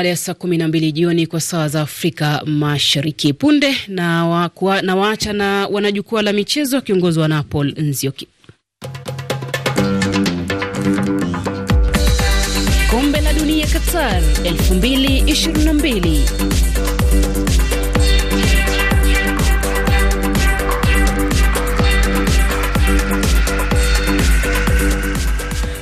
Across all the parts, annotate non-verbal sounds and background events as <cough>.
baada ya saa kumi na mbili jioni kwa saa za Afrika Mashariki. Punde na waacha na, wa na wanajukwaa la michezo wakiongozwa na Paul Nzioki. Kombe la Dunia Qatar 222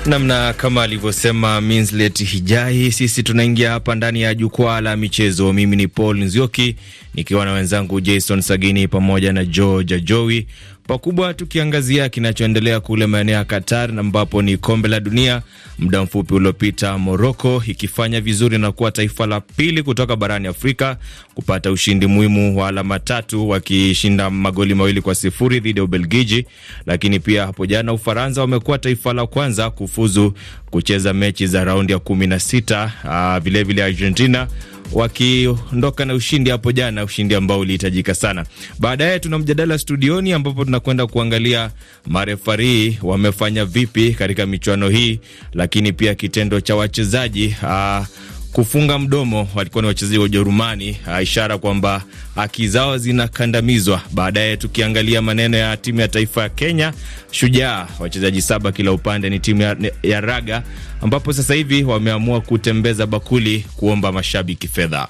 namna kama alivyosema Minslet Hijai. Sisi tunaingia hapa ndani ya jukwaa la michezo. Mimi ni Paul Nzioki nikiwa na wenzangu Jason Sagini pamoja na George Ajowi pakubwa, tukiangazia kinachoendelea kule maeneo ya Qatar ambapo ni kombe la dunia. Muda mfupi uliopita, Moroko ikifanya vizuri na kuwa taifa la pili kutoka barani Afrika kupata ushindi muhimu wa alama tatu, wakishinda magoli mawili kwa sifuri dhidi ya Ubelgiji. Lakini pia hapo jana, Ufaransa wamekuwa taifa la kwanza kufuzu kucheza mechi za raundi ya 16 na sita. Ah, vilevile Argentina wakiondoka na ushindi hapo jana, ushindi ambao ulihitajika sana. Baadaye tuna mjadala studioni, ambapo tunakwenda kuangalia marefari wamefanya vipi katika michuano hii, lakini pia kitendo cha wachezaji ah, kufunga mdomo walikuwa ni wachezaji wa Ujerumani, ah, ishara kwamba haki zao zinakandamizwa. Baadaye tukiangalia maneno ya timu ya taifa ya Kenya Shujaa, wachezaji saba kila upande ni timu ya, ya raga, ambapo sasa hivi wameamua kutembeza bakuli kuomba mashabiki fedha.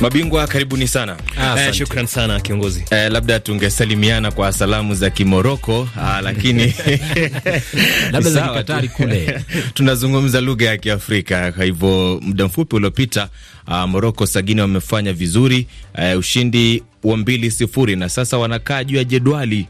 Mabingwa, karibuni sana. Ah, eh, shukran sana kiongozi. Eh, labda tungesalimiana kwa salamu za Kimoroko ah, lakini <laughs> <laughs> labda za Katari kule <laughs> tunazungumza lugha ya Kiafrika. Kwa hivyo muda mfupi uliopita ah, Moroko sagini wamefanya vizuri eh, ushindi wa mbili sifuri na sasa wanakaa juu ya jedwali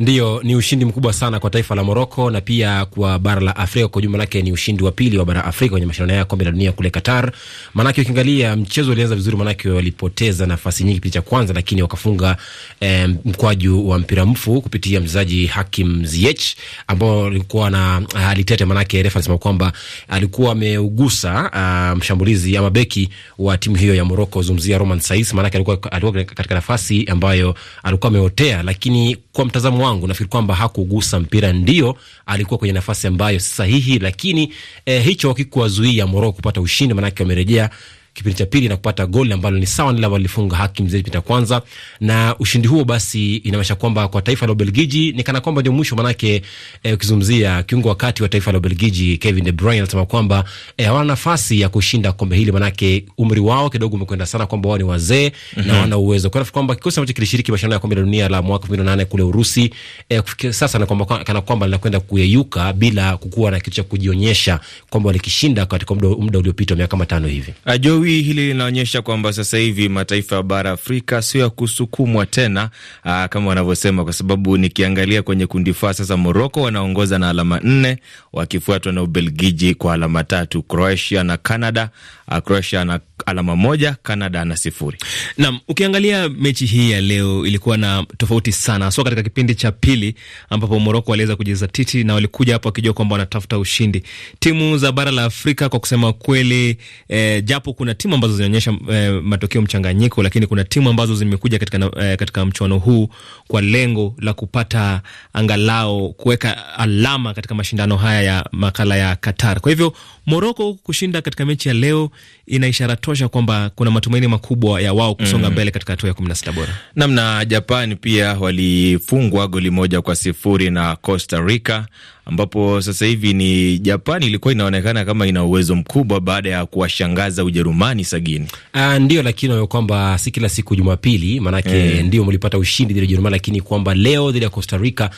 Ndiyo, ni ushindi mkubwa sana kwa taifa la Moroko na pia kwa bara la Afrika kwa jumla lake. Ni ushindi wa pili wa bara la Afrika kwenye mashindano ya kombe la dunia kule Qatar. Maanake ukiangalia mchezo ulianza vizuri, maanake walipoteza nafasi nyingi kipindi cha kwanza, lakini wakafunga eh, mkwaju wa mpira mfu kupitia mchezaji Hakim Ziyech ambao alikuwa na ah, alitete, maanake refa alisema kwamba alikuwa ameugusa uh, mshambulizi ama beki wa timu hiyo ya Moroko, zungumzia Roman Saiss, maanake alikuwa, alikuwa katika nafasi ambayo alikuwa ameotea, lakini kwa mtazamo wangu, nafikiri kwamba hakugusa mpira, ndio alikuwa kwenye nafasi ambayo sahihi, lakini eh, hicho hakikuwazuia Moroko kupata ushindi, maanake wamerejea kipindi cha pili na kupata goli ambalo ni sawa nile walifunga haki mzee kipindi cha kwanza, na ushindi huo basi inamaanisha kwamba kwa taifa la Ubelgiji ni kana kwamba ndio mwisho, manake eh, ukizungumzia eh, kiungo kati wa taifa la Ubelgiji Kevin De Bruyne anasema kwamba eh, hawana nafasi ya kushinda kombe hili, manake umri wao kidogo umekwenda sana, kwamba wao ni wazee mm -hmm. na mhm. wana uwezo kwa kwamba kikosi ambacho kilishiriki mashindano ya kombe la dunia la mwaka 2008 kule Urusi eh, sasa na kwamba kana kwamba linakwenda kuyeyuka bila kukuwa na kitu cha kujionyesha kwamba walikishinda katika muda uliopita miaka matano hivi Ajo uh, Jui hili linaonyesha kwamba sasa hivi mataifa ya bara Afrika sio ya kusukumwa tena aa, ah, kama wanavyosema, kwa sababu nikiangalia kwenye kundi fa sasa, Moroko wanaongoza na alama nne, wakifuatwa na Ubelgiji kwa alama tatu, Croatia na Canada uh, Croatia ana alama moja, Canada ana sifuri. Naam, ukiangalia mechi hii ya leo ilikuwa na tofauti sana, so katika kipindi cha pili ambapo Moroko waliweza kujeza titi na walikuja hapo wakijua kwamba wanatafuta ushindi. Timu za bara la Afrika kwa kusema kweli, eh, japo kuna timu ambazo zinaonyesha eh, matokeo mchanganyiko, lakini kuna timu ambazo zimekuja katika, eh, katika mchuano huu kwa lengo la kupata angalau kuweka alama katika mashindano haya ya makala ya Qatar. Kwa hivyo Moroko kushinda katika mechi ya leo ina ishara tosha kwamba kuna matumaini makubwa ya wao kusonga mm, mbele katika hatua ya kumi na sita bora. Namna Japan pia walifungwa goli moja kwa sifuri na Costa Rica ambapo sasa hivi ni Japani ilikuwa inaonekana kama ina uwezo mkubwa baada ya kuwashangaza Ujerumani sagini. Ah, ndio, lakini wao kwamba si kila siku Jumapili maanake e, eh. ndio mlipata ushindi dhidi ya Ujerumani, lakini kwamba leo dhidi ya Costa Rica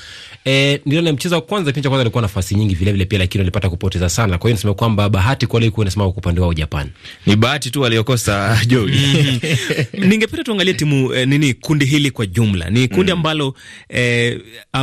e, ndio na mchezo wa kwanza, kipindi cha kwanza alikuwa nafasi nyingi vile vile pia, lakini walipata kupoteza sana. Kwa hiyo nasema kwamba bahati kwa leo inasema kwa upande wao Japan. Ni bahati tu waliokosa <laughs> Jogi. Mm-hmm. Ningependa tuangalie timu eh, nini kundi hili kwa jumla. Ni kundi mm. ambalo eh,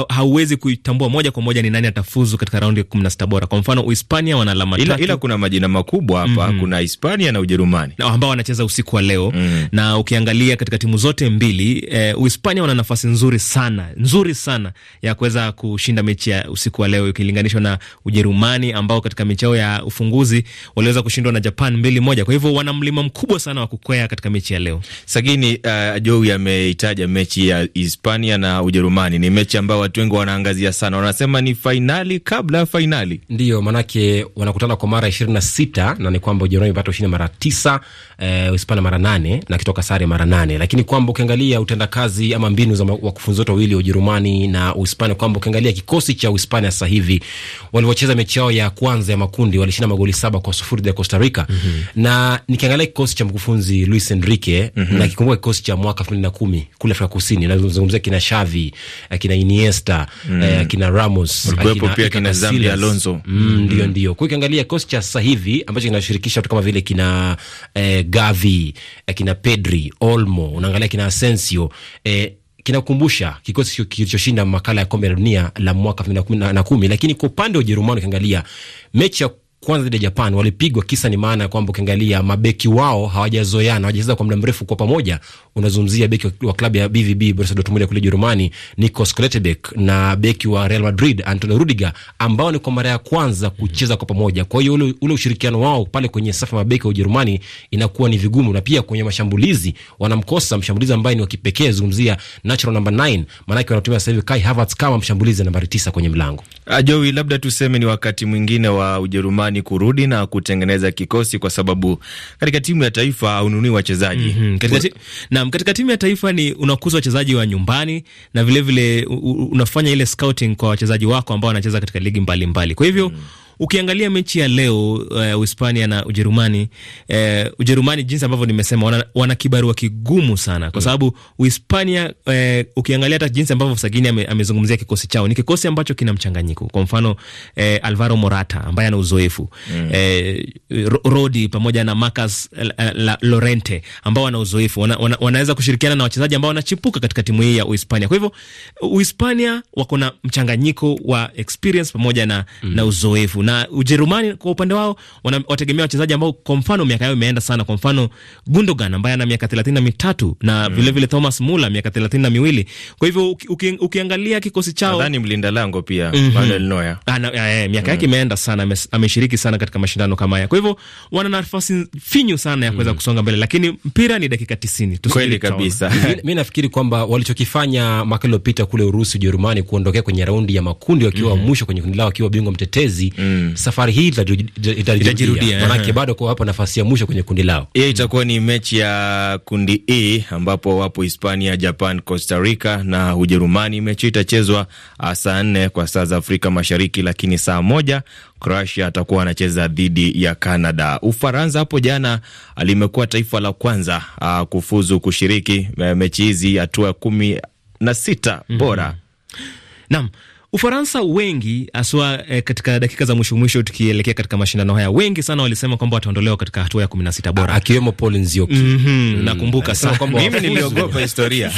hauwezi kuitambua moja kwa moja ni nani atafanya kufuzu katika raundi ya kumi na sita bora. Kwa mfano Uhispania wana alama ila, ila kuna majina makubwa hapa mm -hmm. kuna Hispania na Ujerumani na ambao wanacheza usiku wa leo mm -hmm. na ukiangalia katika timu zote mbili eh, Uhispania wana nafasi nzuri sana nzuri sana ya kuweza kushinda mechi ya usiku wa leo ikilinganishwa na Ujerumani ambao katika mechi yao ya ufunguzi waliweza kushindwa na Japan mbili moja. Kwa hivyo wana mlima mkubwa sana wa kukwea katika mechi ya leo. Sagini uh, eh, Joey ameitaja mechi ya Hispania na Ujerumani ni mechi ambayo watu wengi wanaangazia sana, wanasema ni fainali fainali kabla ya fainali. Ndio maanake wanakutana kwa mara ishirini na sita na ni kwamba Ujerumani imepata ushindi mara tisa, e, Uhispania mara nane na kitoka sare mara nane, lakini kwamba ukiangalia utendakazi ama mbinu za wakufunzi wote wawili wa Ujerumani na Uhispania, kwamba ukiangalia kikosi cha Uhispania sasa hivi walivyocheza mechi yao ya kwanza ya makundi walishinda magoli saba kwa sufuri dhidi ya Costa Rica. mm -hmm. na nikiangalia kikosi cha mkufunzi Luis Enrique mm -hmm. na kikumbuka kikosi cha mwaka elfu mbili na kumi kule Afrika Kusini, nazungumzia kina Shavi, eh, kina Iniesta, mm -hmm. kina Ramos, kina pia kina Zambi Alonso. Mm, mm. ndio ndio. Kwa ukiangalia kikosi cha sasa hivi ambacho kinashirikisha watu kama vile kina eh, Gavi, eh, kina Pedri, Olmo, unaangalia kina Asensio, eh, kinakumbusha kikosi kilichoshinda makala ya kombe la dunia la mwaka elfu mbili na kumi, lakini kwa upande wa Ujerumani ukiangalia mechi ya kwanza dhidi ya Japan walipigwa, kisa ni maana ya kwamba ukiangalia mabeki wao hawajazoeana, hawajacheza kwa muda mrefu kwa pamoja. Unazungumzia beki wa klabu ya BVB Borussia Dortmund kule Jerumani, Nikos Klettebeck na beki wa Real Madrid Antonio Rudiger, ambao ni kwa mara ya kwanza kucheza kwa pamoja. Kwa hiyo ule, ule ushirikiano wao pale kwenye safu ya mabeki wa Ujerumani inakuwa ni vigumu, na pia kwenye mashambulizi wanamkosa mshambulizi ambaye ni wa kipekee, zungumzia natural number 9, maanake wanatumia sasa hivi Kai Havertz kama mshambulizi nambari 9 kwenye mlango. Ajoi, ah, labda tuseme ni wakati mwingine wa Ujerumani Shabani kurudi na kutengeneza kikosi, kwa sababu katika timu ya taifa haununui wachezaji mm -hmm. katika, na, katika timu ya taifa ni unakuza wachezaji wa nyumbani na vilevile vile unafanya ile scouting kwa wachezaji wako ambao wanacheza katika ligi mbalimbali mbali. kwa hivyo mm -hmm ukiangalia mechi ya leo uh, Uhispania na Ujerumani uh, Ujerumani jinsi ambavyo nimesema wana, wana kibarua kigumu sana kwa mm. sababu Uhispania uh, ukiangalia hata jinsi ambavyo Sagini ame, amezungumzia kikosi chao ni kikosi ambacho kina mchanganyiko. Kwa mfano uh, Alvaro Morata ambaye ana uzoefu mm. uh, Rodi pamoja na Marcus Lorente ambao wana uzoefu wana, wana, wanaweza kushirikiana na wachezaji ambao wanachipuka katika timu hii ya Uhispania. Kwa hivyo Uhispania wako na mchanganyiko wa experience pamoja na, mm. na uzoefu na Ujerumani kwa upande wao wategemea wachezaji ambao kwa mfano miaka yao imeenda sana, kwa mfano Gundogan ambaye ana miaka thelathini na mitatu na vilevile mm. vile Thomas Muller miaka thelathini na miwili. Kwa hivyo uki, ukiangalia kikosi chao nadhani mlinda lango pia mm -hmm. Manuel Neuer ana ya, ya, miaka yake mm. imeenda sana, ameshiriki sana katika mashindano kama haya. Kwa hivyo wana nafasi finyu sana ya kuweza mm. kusonga mbele, lakini mpira ni dakika tisini. Kweli kabisa. Mimi nafikiri kwamba walichokifanya mwaka uliopita kule Urusi, Ujerumani kuondokea kwenye raundi ya makundi wakiwa mwisho mm. mwisho kwenye kundi lao wakiwa bingwa mtetezi mm mm. safari hii itajirudia, manake bado kwa wapo nafasi ya mwisho kwenye kundi lao. Hiyo itakuwa ni mechi ya kundi E ambapo wapo Hispania, Japan, Costa Rica na Ujerumani. Mechi itachezwa ah, saa nne kwa saa za Afrika Mashariki, lakini saa moja Croatia atakuwa anacheza dhidi ya Canada. Ufaransa hapo jana ah, limekuwa taifa la kwanza uh, kufuzu kushiriki eh, mechi hizi hatua kumi na sita mhm. bora mm -hmm. Naam. Ufaransa wengi haswa eh, katika dakika za mwisho mwisho tukielekea katika mashindano haya, wengi sana walisema kwamba wataondolewa katika hatua ya sita bora, akiwemo Paul Nzioki. Mhm, mm -hmm, nakumbuka sana kwamba mimi niliogopa historia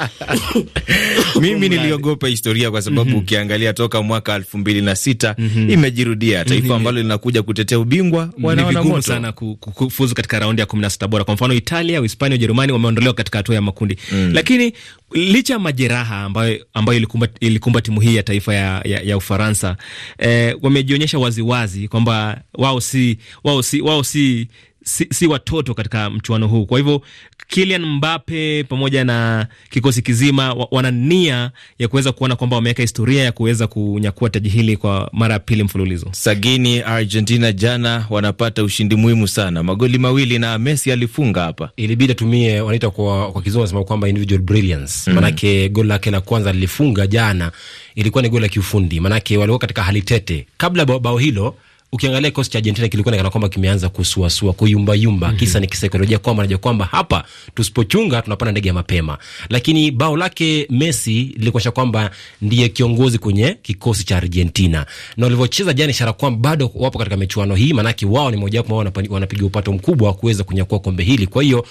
<laughs> mimi niliogopa historia kwa sababu mm -hmm. ukiangalia toka mwaka elfu sita mm -hmm. imejirudia mhm. taifa mm -hmm. ambalo linakuja kutetea ubingwa wana vigumu sana kufuzu katika raundi ya sita bora. Kwa mfano Italia, Uhispania, Ujerumani wameondolewa katika hatua ya makundi mm. lakini licha ya majeraha ambayo, ambayo ilikumba, ilikumba timu hii ya taifa ya, ya, ya Ufaransa eh, wamejionyesha waziwazi kwamba wao si, wao si, wao si si, si watoto katika mchuano huu. Kwa hivyo Kylian Mbappe pamoja na kikosi kizima wana nia ya kuweza kuona kwamba wameweka historia ya kuweza kunyakua taji hili kwa mara ya pili mfululizo. Sagini, Argentina jana wanapata ushindi muhimu sana, magoli mawili na Messi alifunga hapa. Ilibidi atumie wanaita kwa, kwa kizungu anasema kwamba individual brilliance, maanake mm-hmm. goli lake la kwanza lilifunga jana, ilikuwa ni goli la kiufundi, maanake walikuwa katika hali tete kabla bao hilo ukiangalia kikosi cha Argentina kilikuwa kana kwamba kimeanza kusuasua, kuyumbayumba. mm -hmm. Kisa ni kisaikolojia, kwamba najua kwamba hapa tusipochunga tunapanda ndege ya mapema, lakini bao lake Messi lilikuonyesha kwamba ndiye kiongozi kwenye kikosi cha Argentina, na walivyocheza jana, ishara kwamba bado wapo katika michuano hii, maanake wao ni mojawapo wanapiga upato mkubwa wa kuweza kunyakua kombe hili. Kwa hiyo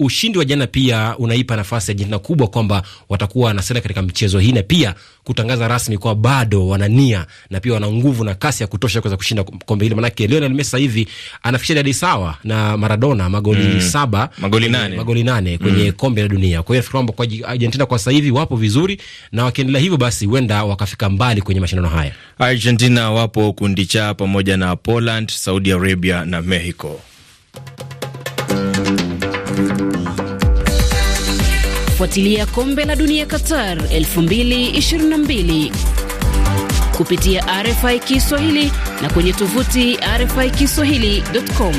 ushindi wa jana pia unaipa nafasi Argentina kubwa kwamba watakuwa wanasenda katika mchezo hii na pia kutangaza rasmi kwa bado wana nia na pia wana nguvu na kasi ya kutosha kuweza kushinda kombe hili, manake Lionel Messi hivi anafikisha idadi sawa na Maradona magoli mm, saba magoli nane, magoli nane kwenye mm, kombe la dunia. Kwa hiyo nafikiri kwamba kwa Argentina kwa sasa hivi wapo vizuri, na wakiendelea hivyo basi huenda wakafika mbali kwenye mashindano haya. Argentina wapo kundi cha pamoja na Poland, Saudi Arabia na Mexico. Fuatilia kombe la dunia Qatar 2022 kupitia RFI Kiswahili na kwenye tovuti RFI Kiswahili.com.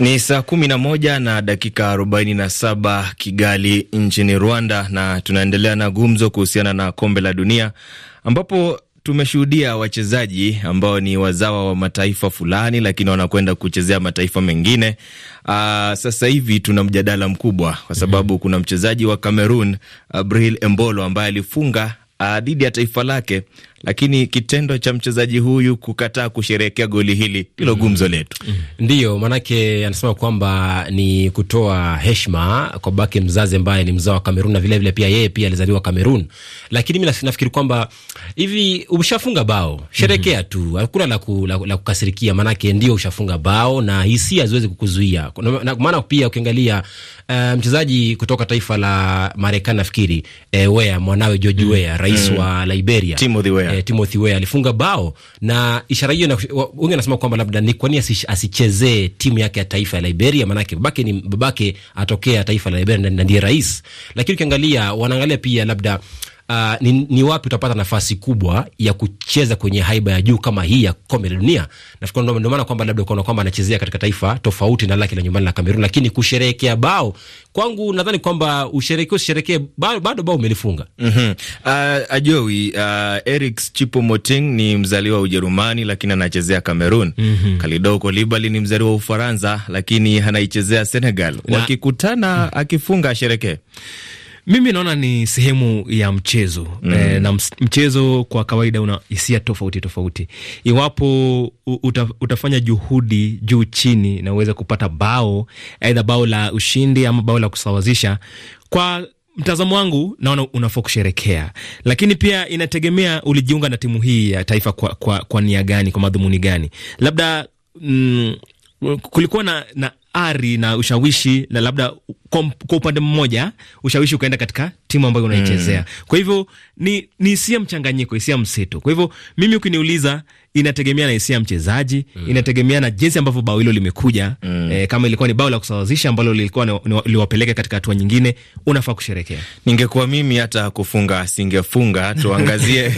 Ni saa kumi na moja na dakika 47 Kigali nchini Rwanda, na tunaendelea na gumzo kuhusiana na kombe la dunia ambapo tumeshuhudia wachezaji ambao ni wazawa wa mataifa fulani, lakini wanakwenda kuchezea mataifa mengine. Aa, ah, sasa hivi tuna mjadala mkubwa kwa sababu mhm. kuna mchezaji wa Cameroon Bril Embolo ambaye alifunga ah, dhidi ya taifa lake lakini kitendo cha mchezaji huyu kukataa kusherehekea goli hili ndilo mm-hmm. gumzo letu. mm mm. Ndiyo maanake anasema kwamba ni kutoa heshima kwa bake mzazi ambaye ni mzao wa Kamerun na vilevile pia yeye pia alizaliwa Kamerun, lakini mi nafikiri kwamba hivi ushafunga bao sherekea mm-hmm. tu, hakuna la, ku, la, la kukasirikia, maanake ndio ushafunga bao na hisia ziwezi kukuzuia. Maana pia ukiangalia uh, mchezaji kutoka taifa la Marekani nafikiri eh, Wea mwanawe George mm Wea rais mm wa Liberia Timothy Wea eh, Timothy Weah alifunga bao na ishara hiyo, wengi wanasema kwamba labda ni kwa nini asichezee timu yake ya taifa ya Liberia, maanake babake ni babake atokea taifa la Liberia na ndiye rais, lakini ukiangalia wanaangalia pia labda uh, ni, ni wapi utapata nafasi kubwa ya kucheza kwenye haiba ya juu kama hii ya kombe la dunia. Nafikiri ndio maana kwamba labda ukaona kwamba anachezea katika taifa tofauti na lake la nyumbani la Kamerun, lakini kusherehekea bao kwangu nadhani kwamba usherekee usherekee bado bao umelifunga. mm -hmm. Uh, ah, ajowi uh, Eric Chipo Moting ni mzaliwa wa Ujerumani lakini anachezea Kamerun. mm -hmm. Kalidou Kolibali ni mzaliwa wa Ufaransa lakini anaichezea Senegal. Wakikutana -hmm. akifunga asherekee mimi naona ni sehemu ya mchezo mm. E, na mchezo kwa kawaida una hisia tofauti tofauti. Iwapo uta, utafanya juhudi juu chini na uweze kupata bao, aidha bao la ushindi ama bao la kusawazisha, kwa mtazamo wangu naona unafaa kusherekea, lakini pia inategemea ulijiunga na timu hii ya taifa kwa, kwa, kwa nia gani, kwa madhumuni gani? Labda mm, kulikuwa na, na ari na ushawishi, na labda kwa upande mmoja ushawishi ukaenda katika timu ambayo unaichezea mm. Kwa hivyo ni ni hisia mchanganyiko, hisia mseto. Kwa hivyo mimi ukiniuliza, inategemea na hisia mchezaji mm. Inategemea na jinsi ambavyo bao hilo limekuja mm. Eh, kama ilikuwa ni bao la kusawazisha ambalo lilikuwa liwapeleke katika hatua nyingine, unafaa kusherekea. Ningekuwa mimi hata kufunga singefunga. Tuangazie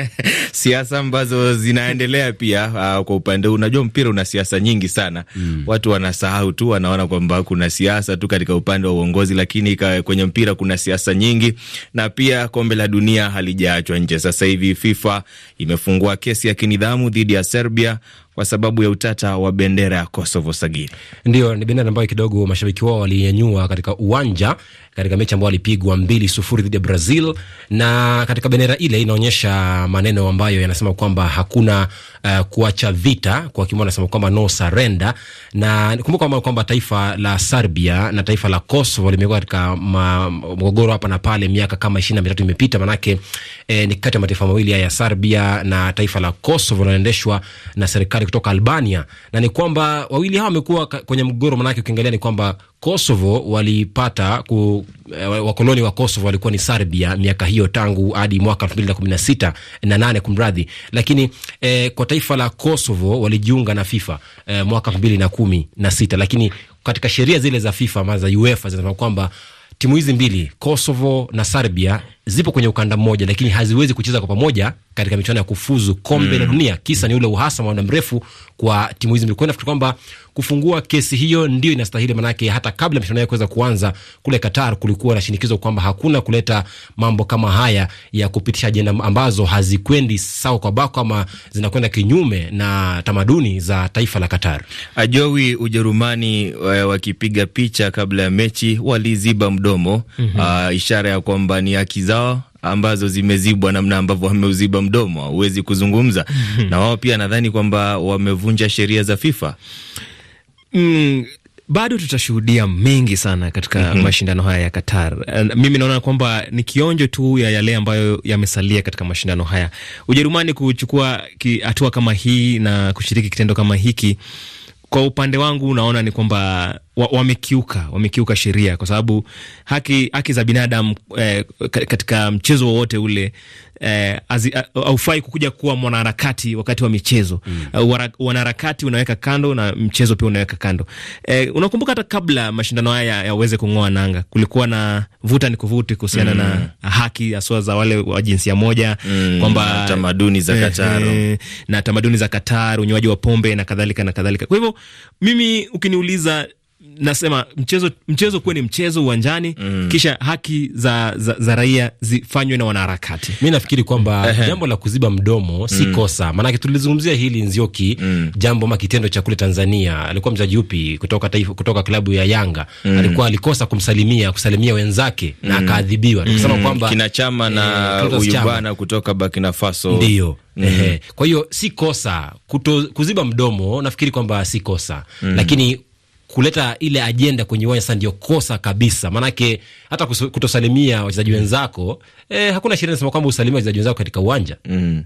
<laughs> siasa ambazo zinaendelea pia. Uh, kwa upande huu unajua mpira una siasa nyingi sana mm. Watu wanasahau tu, wanaona kwamba kuna siasa tu katika upande wa uongozi, lakini kwenye mpira kuna siasa nyingi nyingi, na pia kombe la dunia halijaachwa nje. Sasa hivi FIFA imefungua kesi ya kinidhamu dhidi ya Serbia kwa sababu ya utata wa bendera ya Kosovo. Sagiri, ndio ni bendera ambayo kidogo mashabiki wao walinyanyua katika uwanja katika mechi ambayo walipigwa mbili sufuri dhidi ya Brazil, na katika bendera ile inaonyesha maneno ambayo yanasema kwamba hakuna uh, kuacha vita, kwa kimo anasema kwamba no surrender. Na kumbuka kwamba taifa la Serbia na taifa la Kosovo limekuwa katika mgogoro hapa na pale miaka kama ishirini na mitatu imepita, manake eh, ni kati ya mataifa mawili haya ya Serbia na taifa la Kosovo linaendeshwa na serikali kutoka Albania, na ni kwamba wawili hawa wamekuwa kwenye mgogoro. Manake ukiangalia ni kwamba Kosovo walipata ku, eh, wakoloni wa Kosovo walikuwa ni Serbia miaka hiyo tangu hadi mwaka elfu mbili na kumi na sita na nane kumradhi, lakini eh, kwa taifa la Kosovo walijiunga na FIFA eh, mwaka elfu mbili na kumi na sita lakini katika sheria zile za FIFA ama za UEFA zinasema kwamba timu hizi mbili Kosovo na Serbia zipo kwenye ukanda mmoja, lakini haziwezi kucheza kwa pamoja katika michuano ya kufuzu kombe la mm. dunia. Kisa ni ule uhasama wa muda mrefu kwa timu hizi mbili. Kwa nafikiri kwamba kufungua kesi hiyo ndio inastahili, manake hata kabla michuano hiyo kuweza kuanza kule Qatar, kulikuwa na shinikizo kwamba hakuna kuleta mambo kama haya ya kupitisha ajenda ambazo hazikwendi sawa kwa bako ama zinakwenda kinyume na tamaduni za taifa la Qatar. Ajowi, Ujerumani eh, wakipiga picha kabla ya mechi waliziba mdomo, mm -hmm. uh, ishara ya kwamba ni haki zao zao ambazo zimezibwa namna ambavyo wameuziba mdomo, huwezi kuzungumza <laughs> na wao. Pia nadhani kwamba wamevunja sheria za FIFA. Mm, bado tutashuhudia mengi sana katika mm -hmm. mashindano haya ya Qatar. Eh, mimi naona kwamba ni kionjo tu ya yale ambayo yamesalia katika mashindano haya. Ujerumani kuchukua hatua kama hii na kushiriki kitendo kama hiki kwa upande wangu unaona ni kwamba wamekiuka wamekiuka sheria kwa sababu haki, haki za binadamu eh, katika mchezo wowote ule eh, azi, uh, haufai kukuja kuwa mwanaharakati wakati wa michezo mm. uh, Wanaharakati unaweka kando na mchezo pia unaweka kando eh, unakumbuka hata kabla mashindano haya yaweze kung'oa nanga, kulikuwa na vuta ni kuvuti kuhusiana mm. na haki haswa za wale wa jinsia moja mm. kwamba tamaduni za eh, Kataro eh, eh, na tamaduni za Kataro, unywaji wa pombe na kadhalika na kadhalika. Kwa hivyo mimi ukiniuliza nasema mchezo mchezo kuwe ni mchezo uwanjani mm. Kisha haki za, za, za raia zifanywe na wanaharakati. Mi nafikiri kwamba jambo la kuziba mdomo si mm. kosa, maanake tulizungumzia hili Nzioki mm. jambo ama kitendo cha kule Tanzania, alikuwa mchezaji upi kutoka taifa, kutoka klabu ya Yanga mm. alikuwa alikosa kumsalimia kusalimia wenzake mm. na akaadhibiwa, tukisema mm. kwamba kina chama na eh, uyubana kutoka Burkina Faso ndio Mm. Kwa hiyo si kosa kuto, kuziba mdomo, nafikiri kwamba si kosa mm. Lakini kuleta ile ajenda kwenye uwanja sasa ndio kosa kabisa, maanake hata kutosalimia wachezaji wenzako eh, hakuna sheria inasema kwamba usalimia wachezaji wenzako katika uwanja mm.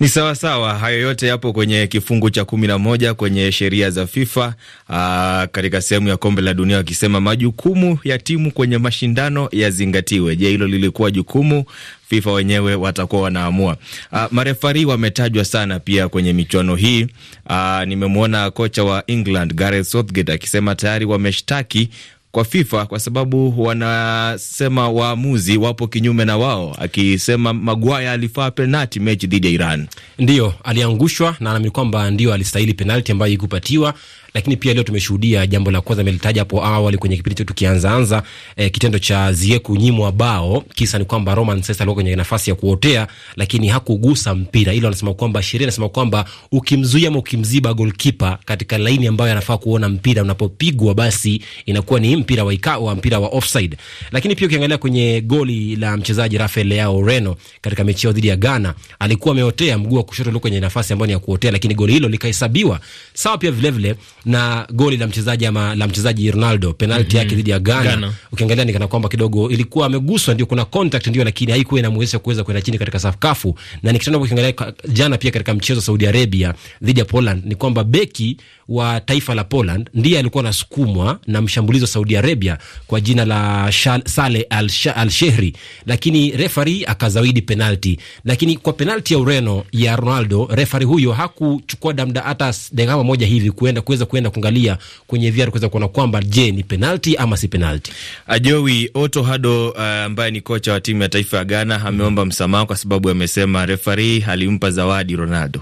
Ni sawa sawa, hayo yote yapo kwenye kifungu cha kumi na moja kwenye sheria za FIFA aa, ah, katika sehemu ya kombe la dunia wakisema majukumu ya timu kwenye mashindano yazingatiwe. Je, hilo lilikuwa jukumu? FIFA wenyewe watakuwa wanaamua. Ah, marefari wametajwa sana pia kwenye michuano hii. Ah, nimemwona kocha wa England Gareth Southgate akisema tayari wameshtaki kwa FIFA kwa sababu wanasema waamuzi wapo kinyume na wao, akisema maguaya alifaa penalti mechi dhidi ya Iran. Ndiyo aliangushwa na naamini kwamba ndio alistahili penalti ambayo ikupatiwa lakini pia leo tumeshuhudia jambo la kwanza nimelitaja hapo awali kwenye kipindi chetu tukianzaanza, eh, kitendo cha Zie kunyimwa bao. Kisa ni kwamba Roman Sesa alikuwa kwenye nafasi ya kuotea, lakini hakugusa mpira. ila anasema kwamba sheria inasema kwamba ukimzuia ama ukimziba goalkeeper katika laini ambayo anafaa kuona mpira unapopigwa, basi inakuwa ni mpira wa ikao wa mpira wa offside. Lakini pia ukiangalia kwenye goli la mchezaji Rafael Leao Reno katika mechi yao dhidi ya Ghana, alikuwa ameotea mguu wa kushoto ulio kwenye nafasi ambayo ni ya kuotea, lakini goli hilo likahesabiwa sawa. Pia vilevile na goli la mchezaji ama la mchezaji Ronaldo penalti mm -hmm. yake mhm. dhidi ya Ghana, Ghana. Ukiangalia ni kana kwamba kidogo ilikuwa ameguswa, ndio kuna contact ndio, lakini haikuwa inamwezesha kuweza kwenda chini katika sakafu, na ni ukiangalia jana pia katika mchezo Saudi Arabia dhidi ya Poland ni kwamba beki wa taifa la Poland ndiye alikuwa anasukumwa na mshambulizi wa Saudi Arabia kwa jina la Shal, Sale al, al Shehri, lakini refari akazawidi penalti. Lakini kwa penalti ya Ureno ya Ronaldo, refari huyo hakuchukua damda hata dakika moja hivi kuenda kuweza kuenda kuangalia kwenye VAR kuweza kuona kwamba je, ni penalti ama si penalti. Ajowi Oto Hado uh, ambaye uh, ni kocha wa timu ya taifa ya Ghana ameomba msamaha kwa sababu amesema refari alimpa zawadi Ronaldo.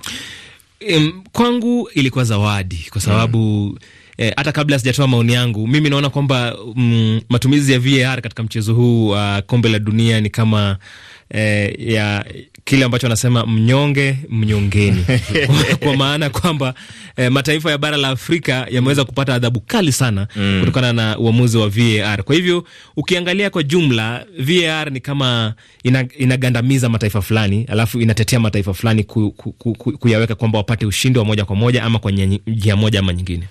Um, kwangu ilikuwa zawadi kwa sababu mm. E, hata kabla sijatoa maoni yangu mimi naona kwamba mm, matumizi ya VAR katika mchezo huu wa uh, kombe la dunia ni kama eh, ya kile ambacho wanasema mnyonge mnyongeni <laughs> kwa maana kwamba eh, mataifa ya bara la Afrika yameweza kupata adhabu kali sana mm, kutokana na uamuzi wa VAR. Kwa hivyo ukiangalia kwa jumla, VAR ni kama ina, inagandamiza mataifa fulani alafu inatetea mataifa fulani ku, ku, ku, kuyaweka kwamba wapate ushindi wa moja kwa moja ama kwa njia moja ama nyingine.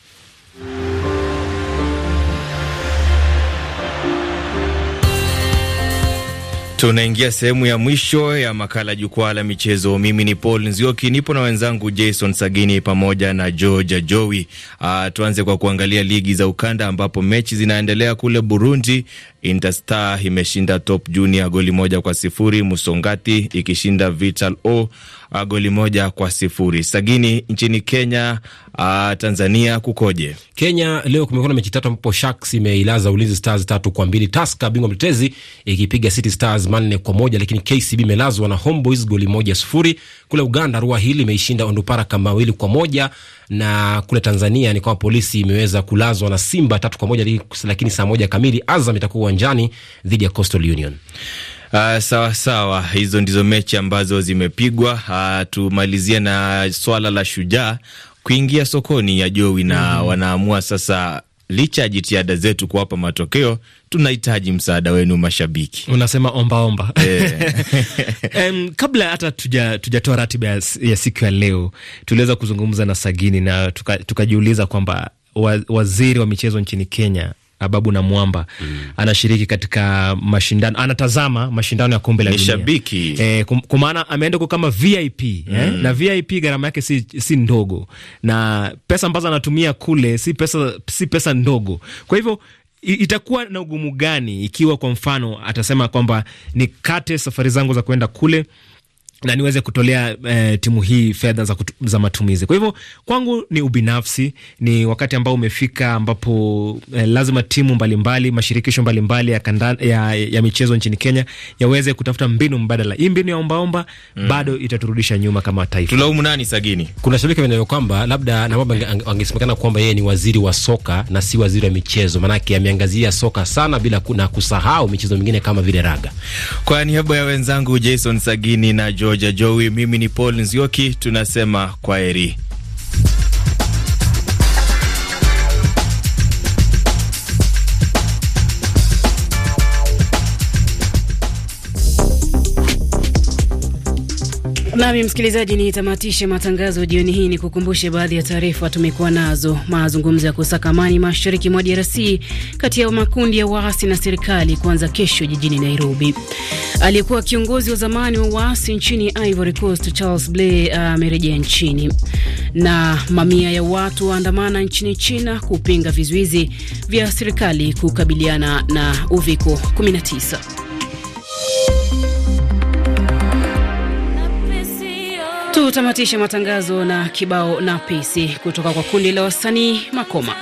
Tunaingia sehemu ya mwisho ya makala jukwaa la michezo. Mimi ni Paul Nzioki, nipo na wenzangu Jason Sagini pamoja na Georgia Jowi. Uh, ah, tuanze kwa kuangalia ligi za ukanda ambapo mechi zinaendelea kule Burundi. Interstar imeshinda Top Junior goli moja kwa sifuri, Musongati ikishinda Vital O uh, goli moja kwa sifuri. Sagini, nchini Kenya, uh, Tanzania kukoje? Kenya leo kumekuwa na mechi tatu ambapo Sharks imeilaza Ulinzi Stars tatu kwa mbili, Taska bingwa mtetezi ikipiga City Stars manne kwa moja, lakini KCB imelazwa na Homeboys goli moja sifuri. Kule Uganda Rua Hili imeishinda Onduparaka mawili kwa moja na kule Tanzania ni kwamba Polisi imeweza kulazwa na Simba tatu kwa moja, lakini saa moja kamili Azam itakuwa uwanjani dhidi ya Coastal Union. Uh, sawa sawa, hizo ndizo mechi ambazo zimepigwa. Uh, tumalizie na swala la Shujaa kuingia sokoni ya Jowi na mm -hmm. Wanaamua sasa licha ya jitihada zetu kuwapa matokeo, tunahitaji msaada wenu mashabiki. Unasema ombaomba omba. Yeah. Um, <laughs> kabla hata tujatoa tuja ratiba ya, ya siku ya leo tuliweza kuzungumza na Sagini na tukajiuliza tuka kwamba waziri wa michezo nchini Kenya ababu na Mwamba mm. anashiriki katika mashindano, anatazama mashindano ya kombe la dunia, e, kwa maana ameenda kwa kama VIP eh? mm. eh, na VIP gharama yake si, si ndogo, na pesa ambazo anatumia kule si pesa, si pesa ndogo. Kwa hivyo itakuwa na ugumu gani ikiwa kwa mfano atasema kwamba ni kate safari zangu za kwenda kule na niweze kutolea eh, timu hii fedha za, za matumizi. Kwa hivyo kwangu ni ubinafsi, ni wakati ambao umefika ambapo eh, lazima timu mbalimbali, mashirikisho mbalimbali ya, kanda, ya, ya michezo nchini Kenya yaweze kutafuta mbinu mbadala. Hii mbinu ya ombaomba mm, bado itaturudisha nyuma kama taifa. Tulaumu nani sagini? Kuna shabiki wenye kwamba labda na mambo angesemekana kwamba yeye ni waziri wa soka na si waziri wa michezo, maanake ameangazia soka sana bila na kusahau michezo mingine kama vile raga. Kwa niaba ya wenzangu Jason Sagini na jo Georgia Jowi. Mimi ni Paul Nzioki, tunasema heri Nami msikilizaji, nitamatishe matangazo jioni hii, ni kukumbushe baadhi ya taarifa tumekuwa nazo. Mazungumzo ya kusaka amani mashariki mwa DRC kati ya makundi ya waasi na serikali kuanza kesho jijini Nairobi. Aliyekuwa kiongozi wa zamani wa waasi nchini Ivory Coast Charles Blay amerejea uh, nchini. Na mamia ya watu waandamana nchini China kupinga vizuizi vya serikali kukabiliana na uviko 19. Tutamatishe matangazo na kibao na pisi kutoka kwa kundi la wasanii Makoma.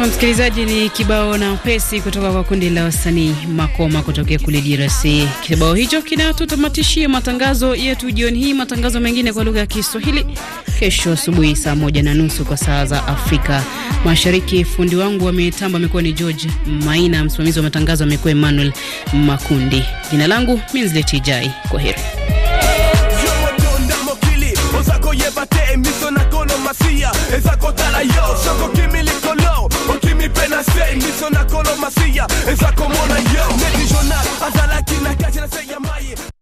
Nam msikilizaji, ni kibao na pesi kutoka kwa kundi la wasanii Makoma kutokea kule DRC. Kibao hicho kinatutamatishia matangazo yetu jioni hii. Matangazo mengine kwa lugha ya Kiswahili kesho asubuhi saa moja na nusu kwa saa za Afrika Mashariki. Fundi wangu wa mitambo amekuwa ni George Maina, msimamizi wa matangazo amekuwa Emmanuel Makundi. Jina langu Minzletijai, kwa heri. yo supremacía ez dakotara jo Soko kimiliko pena se zein Gizonako lo yo. ez dako mona jo Neti la azalakina kaxera se mai